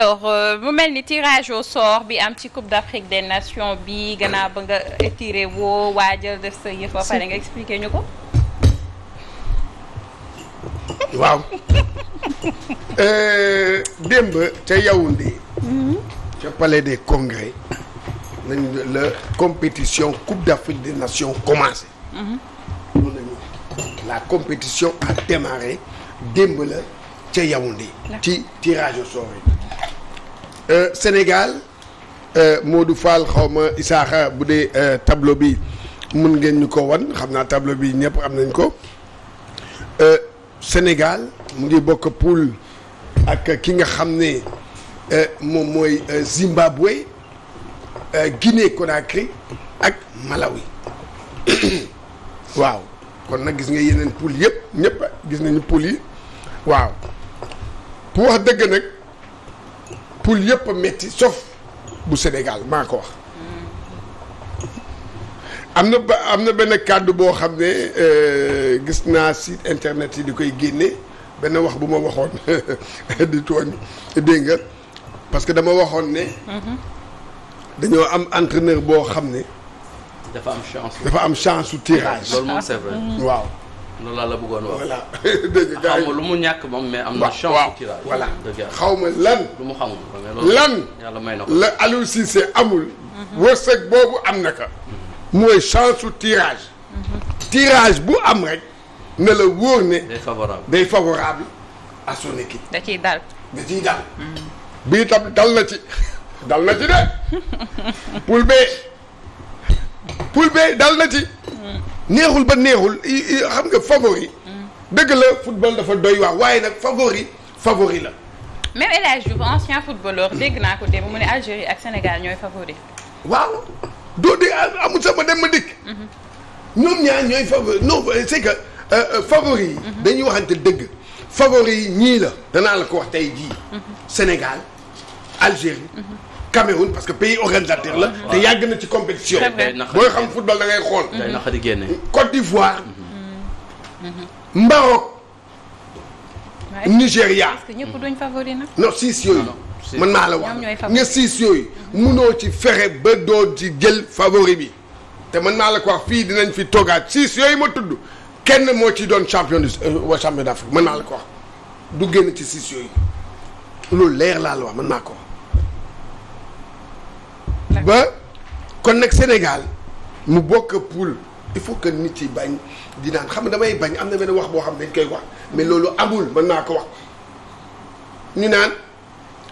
alors euh, mu mel ni tirage au bi am ci coupe d' afrique des nations bi gannaaw ba nga étiré woo waajal def sa yëf ba pare nga expliqué ñu ko. waaw euh, démb ca Yaoundé. Mhm. ca palais des congrès nañu la compétition coupe d' afrique des nations commencé. Mhm. la compétition a démarré démb la ca Yaoundé. ci tirage au yi. Euh, Sénégal euh, Modou Fall xaw ma Isaaxa bu dee euh, tableau bi mun ngeen ñu ko wan xam naa tableau bi ñëpp am nañ ko Sénégal mu ngi bokk poule ak ki nga xam ne moom mooy Zimbabwe Guinée Conakry ak Malawi waaw kon nag gis nga yeneen poule yëpp ñëpp gis nañu poule yi waaw pour wax dëgg nag. poule yëpp a metti sauf bu Sénégal maa ko wax am na na benn kàddu boo xam ne euh, gis naa site internet yi di koy génne benn wax bu ma waxoon di tooñ dégg nga parce que dama waxoon ne mhm. dañoo am entraîneur boo xam ne dafa am chance dafa am chance su tirage loolu waaw loolu laa la bëggoon wax. voilà dégg nga gars yi xaw ma lu mu ñàkk moom mais am na chance. waaw voilà xaw ma lan. lu mu xamul loolu lan yàlla may la Aliou Cissé amul. Mhm. wërsëg boobu am na ka mhm. mooy chance su tirage. Mhm. tirage bu am rek. ne la wóor ne. day favorable day favorable à son équipe. dal da ciy dal. bii dal na neexul ba neexul xam nga favori. dëgg la football dafa doy waaw waaye nag favori favori la. même El Hadj Diouf ancien footballeur dégg naa ko démb mu ne ak Sénégal ñooy favori. waaw doo dégg ah, amul sama dem ma dikk. Mhm. ñoom ñaar ñooy favori non c'est euh, euh, yi. Mhm. dañuy waxante dëgg. favori yi ñii la. danaa ko wax tey jii. Mhm. Sénégal Algérie. Cameroun parce que pays organisateur la. te yàgg na ci compétition. booy xam football da ngay xool. day nax di génne. Côte d'Ivoire. Mhm. Mhm. Maroc. Nigéria est-ce que ñëpp duñ favori six yooyu. man maa la wax nga six yooyu. Mhm. munoo ci fexe ba doo ci jël favori bi. te man maa la ko wax fii dinañ fi toogaat six yooyu ma tudd kenn moo ci doon champion du euh, wa champion d'Afrique man maa la ko wax du génn ci six yooyu loolu leer laa la wax man maa ko wax. ba kon nag Sénégal mu bokk poule il faut que nit yi bañ di naan xam damay bañ am na benn wax boo xam dañ koy wax mais loolu amul mën naa ko wax ñu naan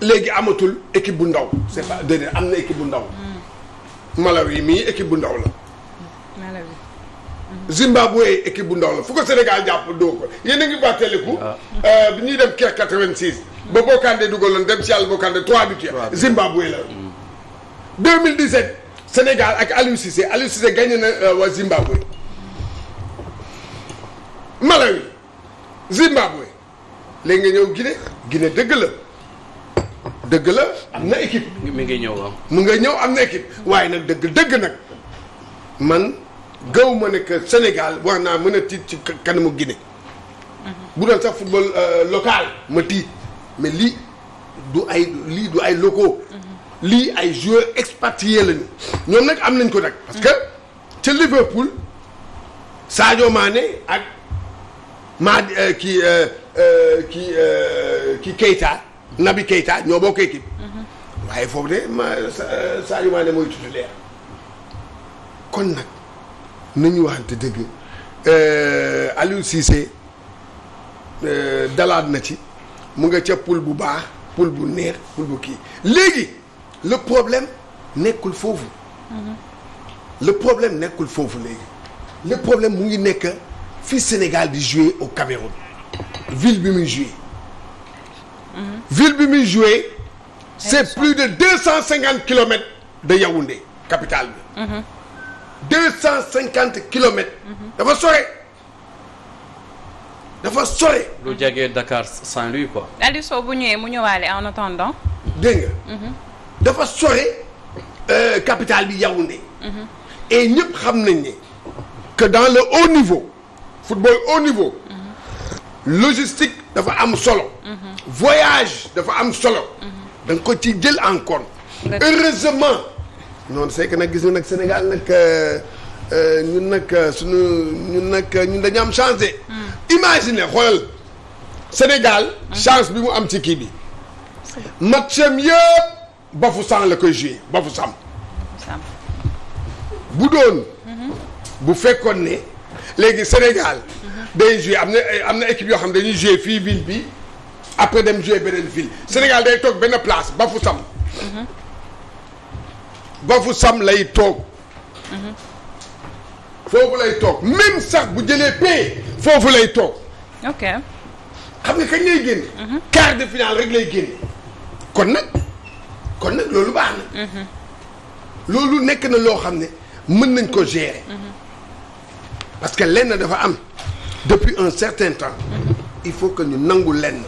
léegi amatul équipe bu ndaw c'est pas déedéet am na équipe bu ndaw. Hmm. Malawi mii équipe bu ndaw la. Malawi. Hmm. Zimbabwe équipe bu ndaw la fu ko Sénégal jàpp doo ko yéen a ngi bàttaliku. Ah. Euh, bi ñuy dem keex 86. ba Bokande dugaloon dem si yàlla Bokande 3 buts. Zimbabwe la. Hmm. 2017 Sénégal ak Aliou Cissé Aliou Cissé gagné na euh, waa Zimbabwe Malawi Zimbabwe léegi nga ñëw Guinée Guinée dëgg la dëgg la am na équipe. mi ngi ñëw mu nga ñëw am na équipe waaye nag dëgg dëgg nag man gaw ma ne que Sénégal wax naa mën a tiit ci kanamu Guinée. Mhm. bu doon sax football euh, local ma tiit mais lii du ay lii du ay locaux. lii ay joueurs expartie lañu ñoom nag am nañ ko nag. parce que ca Liverpool Sadio Mané ak ma euh, kii euh, euh, kii kii Keita Naby Keita ñoo bokk équipe. Mhm. waaye foofu de ma Sadio Mané mooy kon nag nañu waxante dëgg Aliou dalaat na ci mu nga ca poule bu baax poule bu neex poule bu kii léegi. le problème nekkul foofu. Mhm. le nekkul foofu léegi. le problème mu ngi nekk fii Sénégal di jouer au Cameroun. ville bi muy jouer. Mhm. ville bi muy jouer. c'est plus de cent cinquante kilomètres de Yaoundé capitale bi. Mhm. cinquante kilomètres. dafa sore. dafa sore. lu jege Dakar san louis quoi. Aliou bu ñëwee mu ñëwaale en attendant. dégg nga. dafa sore euh, capital bi Yaoundé mm-hmm. et ñëpp xam nañ ne que dans le haut niveau football haut niveau mm-hmm. logistique dafa am solo mm-hmm. voyage dafa am solo da nga ko ci jël en compte heureusement noonu c'est que nag gis nga nag Sénégal nag euh, euh, ñun nag suñu ñun nag ñun dañu am changé de mm. imagine xoolal Sénégal chance bi mu am ci kii bi matcham yëpp bafu sam la ko joué bafu sam bu doon bu fekkoon ne léegi Sénégal day joué am na am na équipe yoo xam ne dañuy joué fii ville bi après dem joué beneen ville Sénégal day toog benn place bafu sam bafu sam lay toog foofu lay toog même sax bu jëlee paie foofu lay toog ok xam nga kañ lay génn mhm. quart de finale rek lay génn kon kon loolu baax na. loolu nekk na loo xam ne mën nañ ko gérer. parce que lenn dafa am depuis un certain temps. il faut que ñu nangu lenn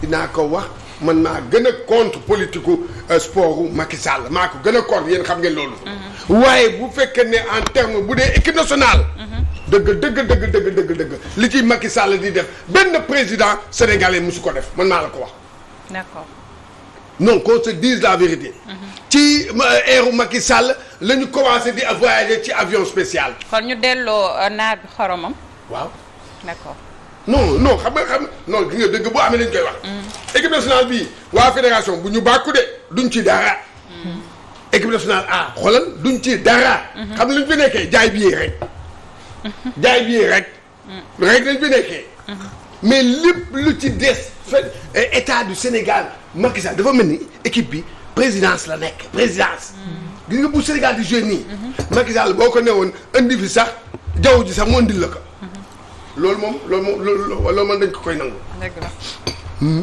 dinaa ko wax man maa gën a contre politique euh, sport u Sall maa ko gën a contre yéen xam ngeen loolu. waaye bu fekkee ne en terme bu dee équipe nationale. dëgg dëgg dëgg dëgg dëgg li ci Macky Sall di def benn président sénégalais mosu ko def man maa la ko wax. d'accord. non qu'on se dise la vérité. Mhm. ci eeru euh, Macky Sall la ñu commencé di voyager ci avion spécial. kon ñu delloo euh, naar bi xoromam. waaw d'accord. non non xam nga xam non gi nga dëgg bu amee lañ koy wax. Mhm. équipe nationale bii waa fédération bu ñu bàkku de duñ ci dara. Mhm. équipe nationale A xoolal duñ ci dara. xam nga luñ fi nekkee jaay bii rek. jaay bii rek. rek lañ fi nekkee. mais lépp lu ci des. état du Sénégal Macky Sall dafa mel ni équipe bi présidence la nekk présidence. gis nga bu Sénégal di joué nii. Macky boo ko newoon indi fi sax jaww ji sax mu indil la ko. loolu moom loolu moom loolu man dañ ko koy nangu.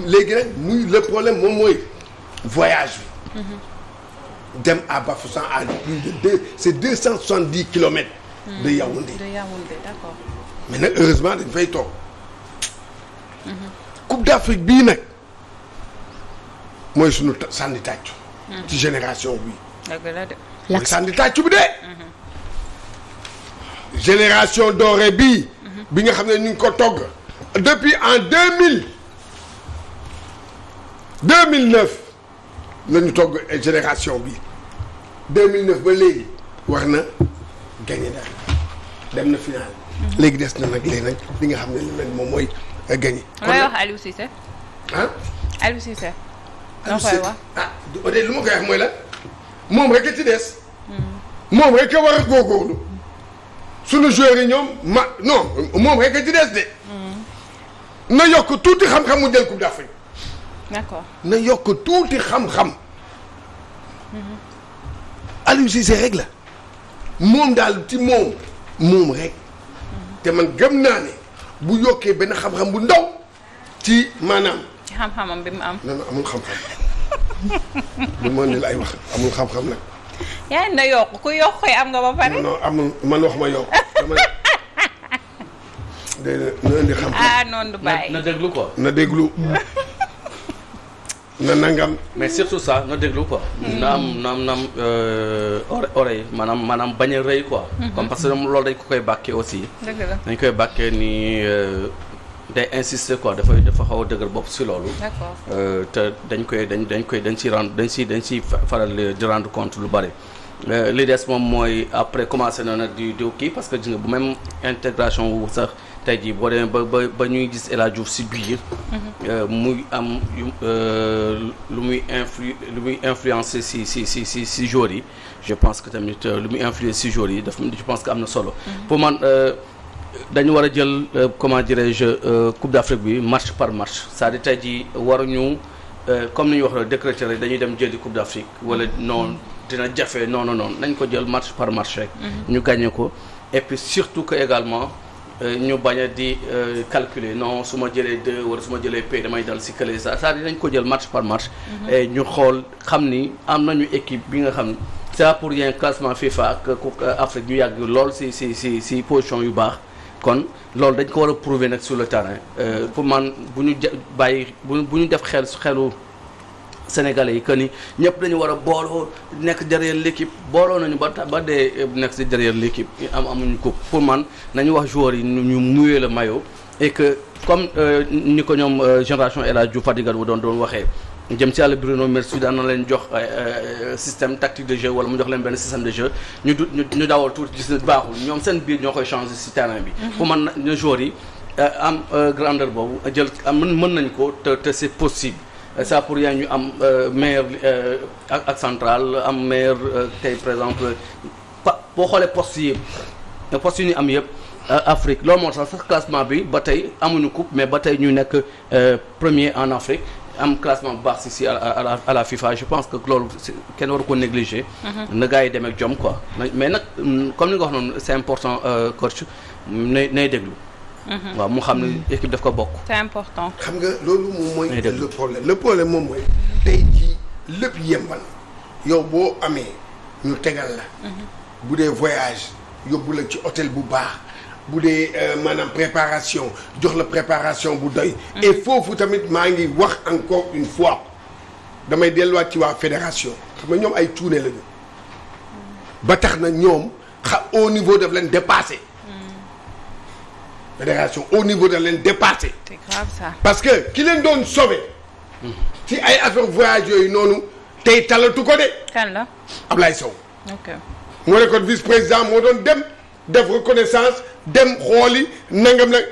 léegi nag muy le problème moom mooy voyage bi. dem à Bafoussam à plus de deux c' deux cent soixante dix kilomètres. de Yaoundé de Yaoundé d' accord. mais nag heureusement dañ fay toog. coupe d' bii nag mooy sunu sànni hmm. ci génération bi dëgg la de mooy bi hmm. hmm. bi nga xam ne ñu ngi ko togg depuis en deux mille deux mille neuf lañu ñu togg génération bi deux mille ba léegi war na gagné dara dem na final léegi des na nag léegi nag li nga xam ne li mel moom mooy gagné. kon ah, lu ma koy wax mooy la moom rek a ci des. Hmm. moom rek a war a góorgóorlu. suñu joueurs yi ñoom ma non moom rek ci des de. Hmm. na yokk tuuti xam-xam mu jël coupe d'Afrique. d'accord na yokk tuuti xam-xam. Hmm. Aliou Cissé rek la. moom daal ci moom. moom rek. te man gëm naa ne. bu yokkee benn xam-xam bu ndaw ci maanaam. ci xam-xamam bi mu am. non amul xam-xam bu ma ne ay wax amul xam-xam nag. yaa na yokk ku yokk koy am nga ba pare. non amul man wax ma yokk dama ne. déedéet na indi xam ah, noonu du bàyyi na déglu ko. na déglu. na nangam. mais surtout sax nga déglu ko na am naam am na am euh, oreille maanaam maanaam bañ a rëy quoi. Mm-hmm. comme parce que loolu dañ ko koy bàkkee aussi. dañ koy bàkkee ni euh, day insister ko dafay dafa xaw dëgër bopp si loolu. d'accord euh, te dañ koy dañ dañ koy dañ si rendre dañ si dañ si faral di rendre lu bari. Euh, li des moom mooy après commencé na nag di diw kii parce que gis nga bu même intégration wu sax tey jii boo demee ba ba ba ñuy gis El Hadj Diouf si biir. Mhm. Euh, muy am euh, lu muy influ lu muy influencer si si si si si jour yi je pense que tamit lu muy influer si jour yi daf je pense que am na solo. Mhm. pour man dañu war a jël comment dirais-je Coupe d'Afrique bi match par match c'est-à-dire tey jii waruñu comme ni ñu wax la décréter dañuy dem jëli Coupe d'Afrique wala non. dina jafe noonu noonu non nañ ko jël match par match rek. Mhm. ñu gagné ko et puis surtout que également euh, ñu bañ a di euh, calculer non su ma jëlee deux wala su ma jëlee pay damay dal si kële ça cest à nañ ko jël match par match. Mhm. ñu xool xam ni am nañu équipe bi nga xam. ça pour rien classement FIFA ak euh, Afrique ñu yàgg lool si si si si position yu baax kon loolu dañ ko war a prouver nag sur le terrain pour man bu ñu bàyyi bu ñu def xel xelu. Sénégalais yi que ni ñëpp dañu war a booloo nekk derrière l'équipe booloo nañu ba ba dee eh, nekk si derrière l'équipe am amuñu ko pour man nañu wax joueurs yi ñu muyee la maillot et que comme euh, ni ko ñoom euh, génération El Hadj Diouf Fadiga bu doon doon waxee jëm ci yàlla Bruno Metsu daan jox euh, système tactique de jeu wala mu jox leen benn système de jeu ñu dawal tuuti gis na baaxul ñoom seen biir ñoo koy changer si terrain bi. Mhm. pour man na joueurs yi am grandeur boobu jël am mën nañ ko te te Euh, ça pour yaa ñu am euh, maire euh, ak centrale am maire tey par exemple pa boo xoolee post yi postes yi ñu am yëpp Afrique loolu moo tax sax classement bi ba tey amuñu coupe mais ba tey ñu nekk premier en Afrique am classement bu baax si si à la à FIFA je pense que loolu kenn waru ko négliger. Mhm. na gars yi demee jom quoi mais nag mm, comme ni nga wax noonu c'est important coach nay nay déglu. Mhm. waaw mu xam ne mhm. équipe daf ko bokk. c'est important. xam nga loolu moom mooy. le problème le problème moom mooy. tey jii lépp yembal yow boo amee ñu tegal la. Mhm. bu dee voyage yóbbu la ci hôtel bu baax. bu dee euh, maanaam préparation jox la préparation bu doy. et foofu tamit maa ngi wax encore une fois damay delluwaat ci waa fédération xam nga ñoom ay cuune lañu. ba tax na ñoom xa au niveau daf leen dépassé. fédération au niveau da leen dépassé. c'est grave ça. parce que ki leen doon sauvé. ci ay affaire voyage yooyu noonu tey talatu ko de. kan la Ablaye Sow. ok moo nekkoon vice président moo doon dem def reconnaissance dem xooli nangam nag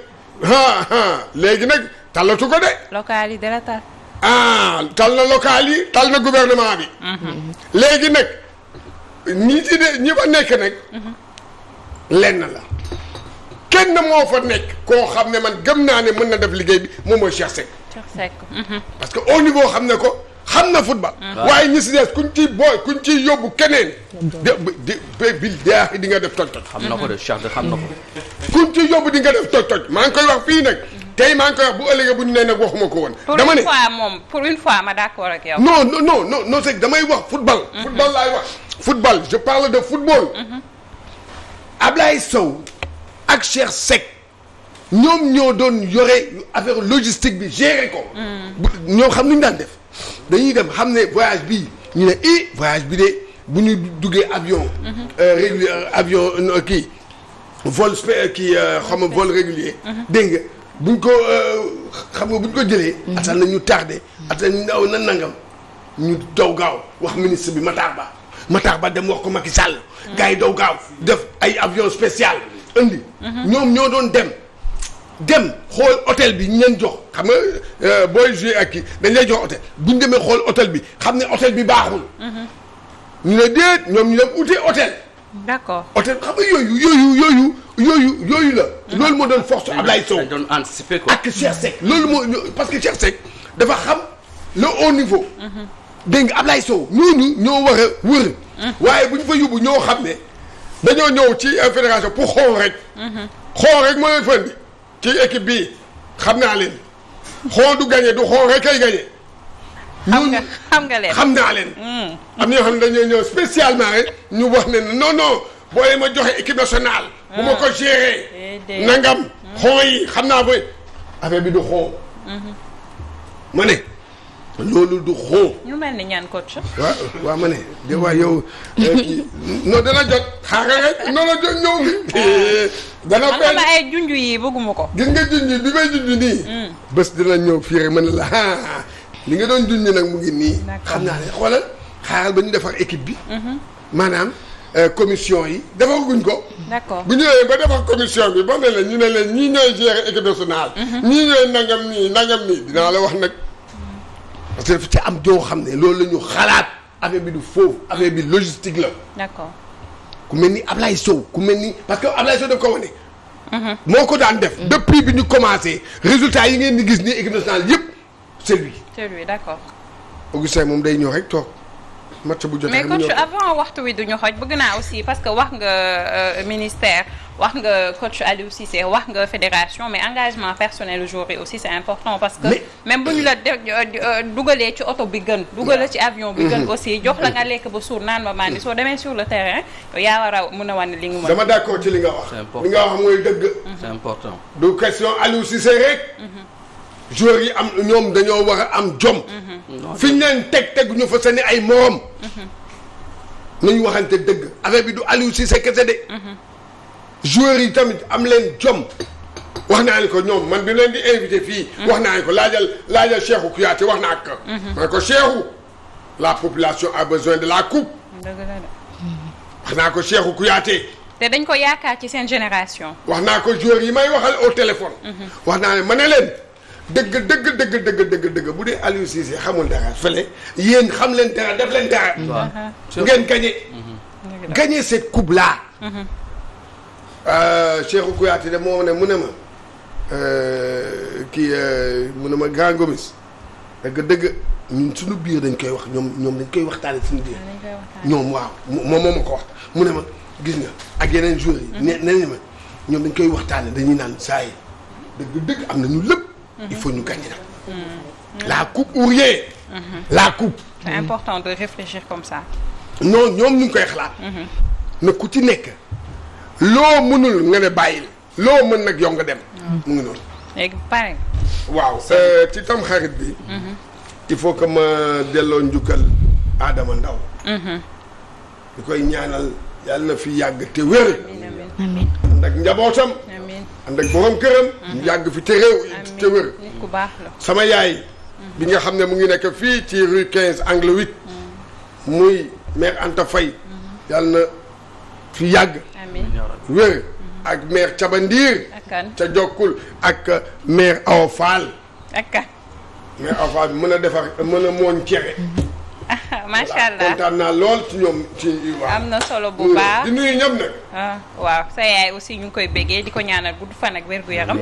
ah ah léegi nag talatu ko de. yi dara tal. ah na local yi tal na gouvernement bi. Mhm. léegi nag ñi ci de ñi fa nekk nag. Mhm. lenn la. kenn moo fa nekk koo xam ne man gëm naa ne mën na def liggéey bi moom mooy Cheikh Seck. Cheikh Seck. Mhm. parce que au niveau xam ne ko xam na football. Mhm. waaye ñi si des kuñ ciy booy kuñ ciy yóbbu keneen. di di di nga def toj toj. xam na ko de Cheikh de xam na ko. Mhm. kuñ ciy yóbbu di nga def toj toj maa ngi koy wax fii nag. tey maa ngi koy wax bu ëllëgee bu ñu nee nag waxuma ko woon. dama ne pour une fois moom pour une fois ma d'accord ak yow. non non non non c'est damay wax football. football laay wax. football je parle de football. Ablaye Sow. ak Cheikh Seck ñoom ñoo doon yore affaire logistique bi gérer ko. ñoo xam nu ñu daan def dañuy dem xam ne voyage bi ñu ne i eh voyage bi de bu ñu duggee avion. Mhm. Euh, régulier euh, avion euh, kii vol spé kii xam nga vol régulier. Mhm. dégg nga buñ ko xam nga buñ ko jëlee. Mhm. atal na ñu tardé atal na ñu aw na nangam ñu daw gaaw wax ministre bi Matar Ba Matar Ba dem wax ko Macky Sall. gars yi daw gaaw def ay avion spécial. indi. ñoom ñoo doon dem. dem xool hôtel bi ñu leen jox xam nga euh, booy joué ak kii dañ lay jox hôtel bu ñu demee xool hôtel bi xam ne hôtel bi baaxul. ñu ne déet ñoom ñu dem ute otel d'accord hôtel xam nga yooyu yooyu yooyu yooyu yooyu la. Mhm. loolu moo doon force Ablaye Sow doon anticiper quoi. ak Cheikh Seck loolu moo parce que Cheikh dafa xam le haut niveau. Mhm. dégg nga soow Sow ñooñu ñoo war a wër. Mhm. waaye bu ñu fa yóbbu ñoo xam ne. dañoo ñëw ci fédération pour xool rek. xool rek moo leen fëndi ci équipe bii xam naa leen xool du gagné du xool rek kay gagné. xam nga xam xam naa leen. Hmm. am na ñoo xam ne dañoo ñëw spécialement rek ñu wax ne non non boo leen ma joxe équipe nationale. bu ma ko ah. géré. nangam hmm. xoo yi xam naa ba affaire bi du xoo. Hmm. ma ne. loolu du xoo. ñu mel ni ñaan coach. waaw waaw ma ne. de waay yow. Eh, non dana jot. xaaral rek dana jot ñëw mi. dana fay man ay junj yi bëgguma ko. gis nga junj bi may junj nii. Mm. bés dina ñëw fii rek man la li nga doon junj nag mu ngi nii. xam naa ne xoolal xaaral ba ñu defar équipe bi. Mm-hmm. maanaam eh, commission yi defaguñ ko. d'accord bu ñëwee ba defar commission bi ba ne la ñu ne leen ñii ñooy gérer équipe nationale. Mm-hmm. ñii ñooy nangam nii nangam nii dinaa la wax nag. parce que dafa ci am joo xam ne loolu la ñu xalaat affaire bi du foofu affaire bi logistique la. d'accord ku mel ni Ablaye Sow ku mel ni parce que Ablaye Sow daf ko wane. Mhm. moo ko daan def. Mhm. depuis bi ñu commencé résultat yi ngeen ni gis nii équipe nationale yëpp c'est lui. c'est lui d'accord. Augustin moom day ñëw rek toog. match bu jotee mais coach avant waxtu wi du ñu xooj aussi parce que wax nga euh, ministère. wax nga coach Aliou Cissé wax nga fédération mais engagement personnel joueur yi aussi c'est important parce que même bu ñu la euh, euh, dugalee ci oto bi gën dugal la ci avion bi gën mm-hmm. aussi jox la nga mm-hmm. lekk ba suur naan ba mandi soo demee sur le terrain yaa war a mën a wane li nga mën dama d'accord ci li nga wax li nga wax mooy dëgg mm-hmm. du question Aliou Cissé rek joueurs yi am ñoom dañoo war a am jom fi ñu leen teg teg ñu fa seen ay morom nañu waxante dëgg affaire bi du Aliou Cissé joueurs yi tamit am leen jom wax naa ni ko ñoom man bi leen di invité fii. Mm-hmm. wax naa ni ko laajal laajal Cheikhou Kouyaté wax naa ko mm-hmm. Cheikhou la population a de la coupe. wax naa ko Cheikhou Kouyaté. te dañ ko yaakaar ci seen génération. wax naa ko joueurs yi may wax waxal au téléphone. Mm-hmm. wax naa ne ma ne leen dëgg dëgg dëgg dëgg dëgg dëgg bu dee Aliou Cissé xamul dara fële yéen xam leen dara def leen dara. ngeen gagné. gagné cette coupe Euh, Cheikhou Kouyaté de moo ne mu ne ma euh, kii euh, mu ne ma grand gomis dëgg dëgg ñun suñu biir dañ koy wax ñoom ñoom dañ koy waxtaane suñu biir ñoom waaw moom moo ma ko wax mu ne ma gis nga ak yeneen jours yi mhm. ne ne ma ñoom dañ koy waxtaane dañuy naan saa yi dëgg dëgg am nañu lépp mhm. il faut ñu gagné nag mhm. la coupe ou rien coupe important de réfléchir comme ça non ñoom ñu koy xalaat na ku ci nekk loo mënul nga ne bàyyil loo mën nag yonga dem. Mm. mu ngi noonu. léegi pare. waaw euh, ci tam xarit bi. Mm-hmm. il faut que ma delloo njukkal Adama Ndaw ñu mm-hmm. koy ñaanal yàlla na fi yàgg te wér. amiin njabootam. amiin ànd këram. Mm-hmm. yàgg fi te réew te wér. sama yaay. bi nga xam ne mu ngi nekk fii ci rue 15 angle 8. Mm. muy mère Anta Faye. yàlla na fi yàgg. wér ak maire Cabandiir ca jokkul ak euh, maire Awa Fall ak maire Awa Fall mën a defar mën a mooñ cere ah, macha allah kontaan naa lool ci ñoom ci am na solo bu baax di nuyu ñëpp nag ah, waaw sa ñu ngi koy béggee di ko ñaanal gudd fan ak wér gu yaram